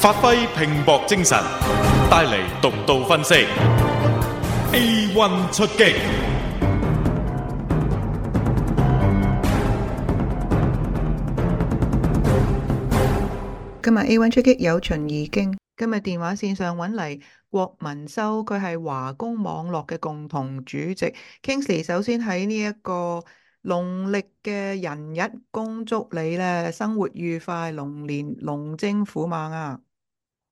發揮拼搏精神，帶嚟獨到分析。A one 出擊，今日 A one 出擊有秦怡經。今日電話線上揾嚟郭文修，佢係華工網絡嘅共同主席。Kingsley 首先喺呢一個農曆嘅人日恭祝你咧，生活愉快，龍年龍精虎猛啊！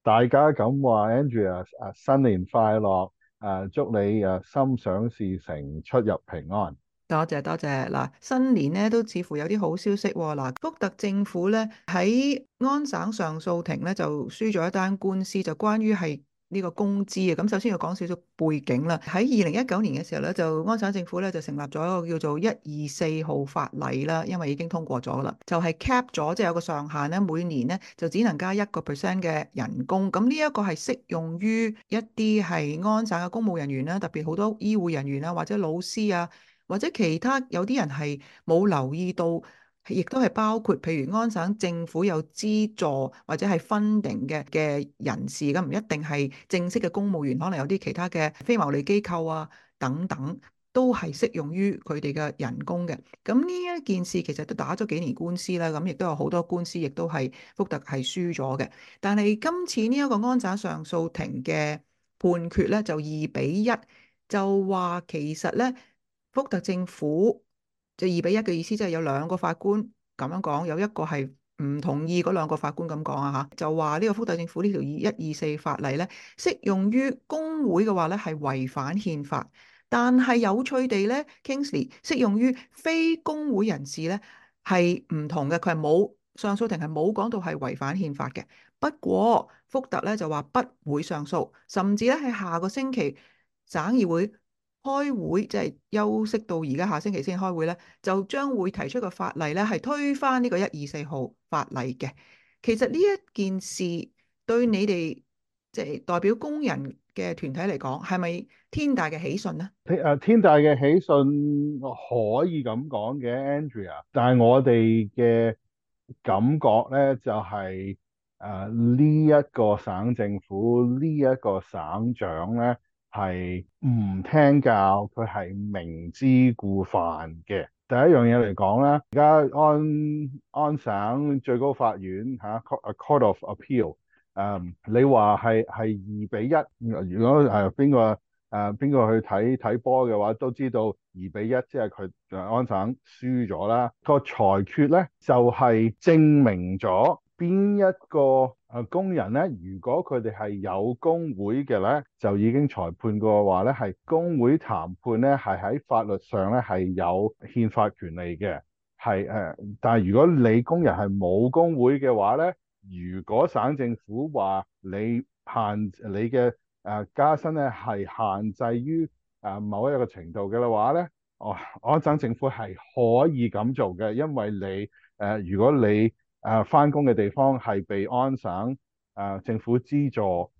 大家咁話 Andrea 啊，新年快樂，啊祝你啊心想事成，出入平安。多謝多謝。嗱，新年咧都似乎有啲好消息喎、啊、嗱，福特政府咧喺安省上訴庭咧就輸咗一單官司，就關於係。呢個工資啊，咁首先要講少少背景啦。喺二零一九年嘅時候咧，就安省政府咧就成立咗一個叫做一二四號法例啦，因為已經通過咗啦，就係 cap 咗，即係有個上限咧，每年咧就只能加一個 percent 嘅人工。咁呢一個係適用於一啲係安省嘅公務人員啦，特別好多醫護人員啊，或者老師啊，或者其他有啲人係冇留意到。亦都係包括，譬如安省政府有資助或者係分定嘅嘅人士，咁唔一定係正式嘅公務員，可能有啲其他嘅非牟利機構啊等等，都係適用於佢哋嘅人工嘅。咁呢一件事其實都打咗幾年官司啦，咁亦都有好多官司，亦都係福特係輸咗嘅。但係今次呢一個安省上訴庭嘅判決咧，就二比一，就話其實咧福特政府。就二比一嘅意思，即係有兩個法官咁樣講，有一個係唔同意嗰兩個法官咁講啊嚇，就話呢個福特政府呢條一二四法例咧適用於工會嘅話咧係違反憲法，但係有趣地咧，Kingsley 適用於非工會人士咧係唔同嘅，佢係冇上訴庭係冇講到係違反憲法嘅。不過福特咧就話不會上訴，甚至咧喺下個星期省議會，開會即係、就是、休息到而家下星期先開會咧，就將會提出個法例咧，係推翻呢個一二四號法例嘅。其實呢一件事對你哋即係代表工人嘅團體嚟講，係咪天大嘅喜訊咧？誒，天大嘅喜訊可以咁講嘅，Andrea，但係我哋嘅感覺咧就係誒呢一個省政府呢一、這個省長咧。係唔聽教，佢係明知故犯嘅。第一樣嘢嚟講咧，而家安安省最高法院嚇、啊、court court of appeal、嗯、你話係係二比一。如果係邊個誒邊個去睇睇波嘅話，都知道二比一，即係佢誒安省輸咗啦。個裁決咧就係、是、證明咗邊一個？啊，工人咧，如果佢哋係有工會嘅咧，就已經裁判過的話咧，係工會談判咧，係喺法律上咧係有憲法權利嘅，係誒、呃。但係如果你工人係冇工會嘅話咧，如果省政府話你限你嘅誒加薪咧，係、呃、限制於誒、呃、某一個程度嘅話咧，哦，我省政府係可以咁做嘅，因為你誒、呃，如果你誒，翻工嘅地方係被安省誒政府資助，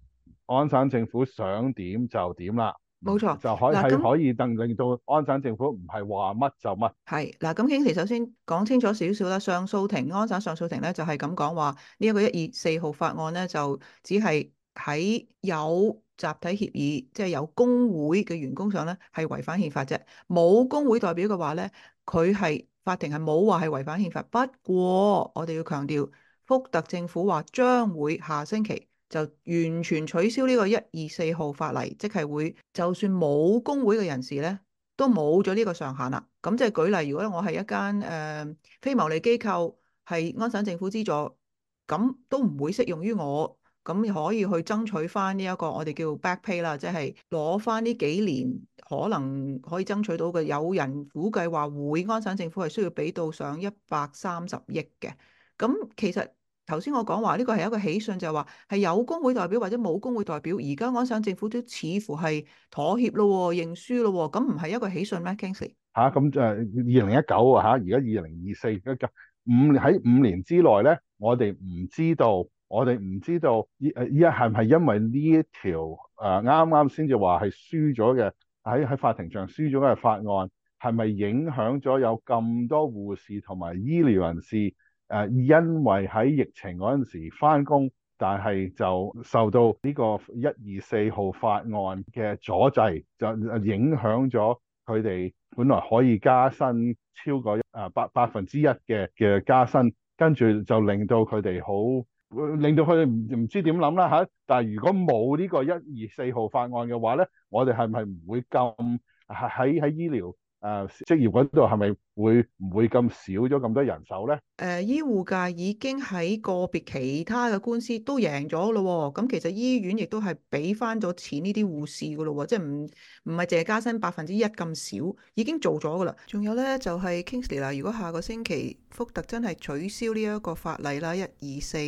安省政府想點就點啦，冇錯，就係可以能令到安省政府唔係話乜就乜。係嗱，咁今期首先講清楚少少啦，上訴庭安省上訴庭咧就係咁講話，呢一個一二四號法案咧就只係喺有集體協議，即係有工會嘅員工上咧係違反憲法啫，冇工會代表嘅話咧。佢係法庭係冇話係違反憲法，不過我哋要強調，福特政府話將會下星期就完全取消呢個一二四號法例，即係會就算冇工會嘅人士呢都冇咗呢個上限啦。咁即係舉例，如果我係一間誒、呃、非牟利機構，係安省政府資助，咁都唔會適用於我，咁可以去爭取翻呢一個我哋叫 back pay 啦，即係攞翻呢幾年。可能可以爭取到嘅，有人估計話會，安省政府係需要俾到上一百三十億嘅。咁其實頭先我講話呢個係一個喜訊，就係話係有工會代表或者冇工會代表，而家安省政府都似乎係妥協咯，認輸咯。咁唔係一個喜訊咩？c a n g s l e y 咁就誒，二零一九啊，而家二零二四，而家五喺五年之內咧，我哋唔知道，我哋唔知道依家係咪因為呢一條誒啱啱先至話係輸咗嘅。喺喺法庭上輸咗嘅法案，係咪影響咗有咁多護士同埋醫療人士？誒，因為喺疫情嗰陣時返工，但係就受到呢個一二四號法案嘅阻滯，就影響咗佢哋本來可以加薪超過誒百百分之一嘅嘅加薪，跟住就令到佢哋好。令到佢哋唔唔知點諗啦嚇！但係如果冇呢個一、二、四號法案嘅話咧，我哋係咪唔會咁喺喺喺醫療誒、呃、職業嗰度係咪會唔會咁少咗咁多人手咧？誒、呃，醫護界已經喺個別其他嘅官司都贏咗咯喎！咁其實醫院亦都係俾翻咗錢呢啲護士噶咯喎，即係唔唔係淨係加薪百分之一咁少，已經做咗噶啦。仲有咧就係、是、Kingsley 啦，如果下個星期福特真係取消呢一個法例啦，一、二、四。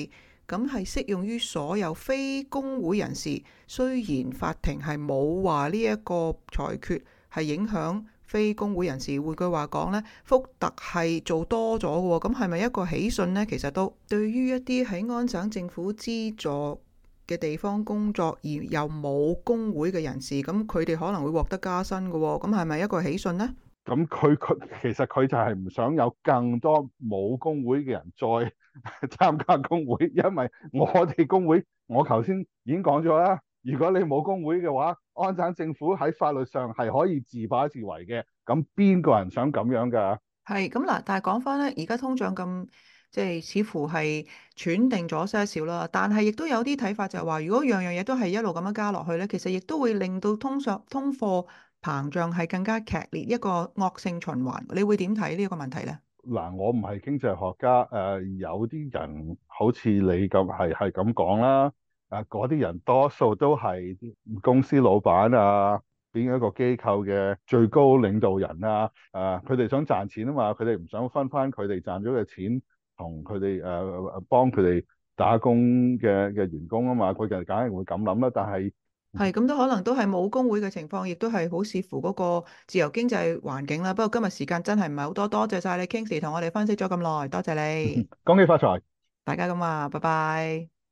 咁係適用於所有非工會人士。雖然法庭係冇話呢一個裁決係影響非工會人士，換句話講呢，福特係做多咗嘅。咁係咪一個喜訊呢？其實都對於一啲喺安省政府資助嘅地方工作而又冇工會嘅人士，咁佢哋可能會獲得加薪嘅。咁係咪一個喜訊呢？咁佢佢其實佢就係唔想有更多冇工會嘅人再參加工會，因為我哋工會，我頭先已經講咗啦。如果你冇工會嘅話，安省政府喺法律上係可以自把自為嘅。咁邊個人想咁樣㗎？係咁嗱，但係講翻咧，而家通脹咁，即係似乎係喘定咗些少啦。但係亦都有啲睇法就係話，如果樣樣嘢都係一路咁樣加落去咧，其實亦都會令到通上通貨膨脹係更加劇烈，一個惡性循環，你會點睇呢一個問題咧？嗱，我唔係經濟學家，誒有啲人好似你咁係係咁講啦，啊嗰啲人多數都係公司老闆啊，邊一個機構嘅最高領導人啊，誒佢哋想賺錢啊嘛，佢哋唔想分返佢哋賺咗嘅錢同佢哋誒幫佢哋打工嘅嘅員工啊嘛，佢哋梗係會咁諗啦，但係。係咁都可能都係冇工會嘅情況，亦都係好視乎嗰個自由經濟環境啦。不過今日時間真係唔係好多，多謝晒你 Kingsy 同我哋分析咗咁耐，多謝你。恭喜發財！大家咁話，拜拜。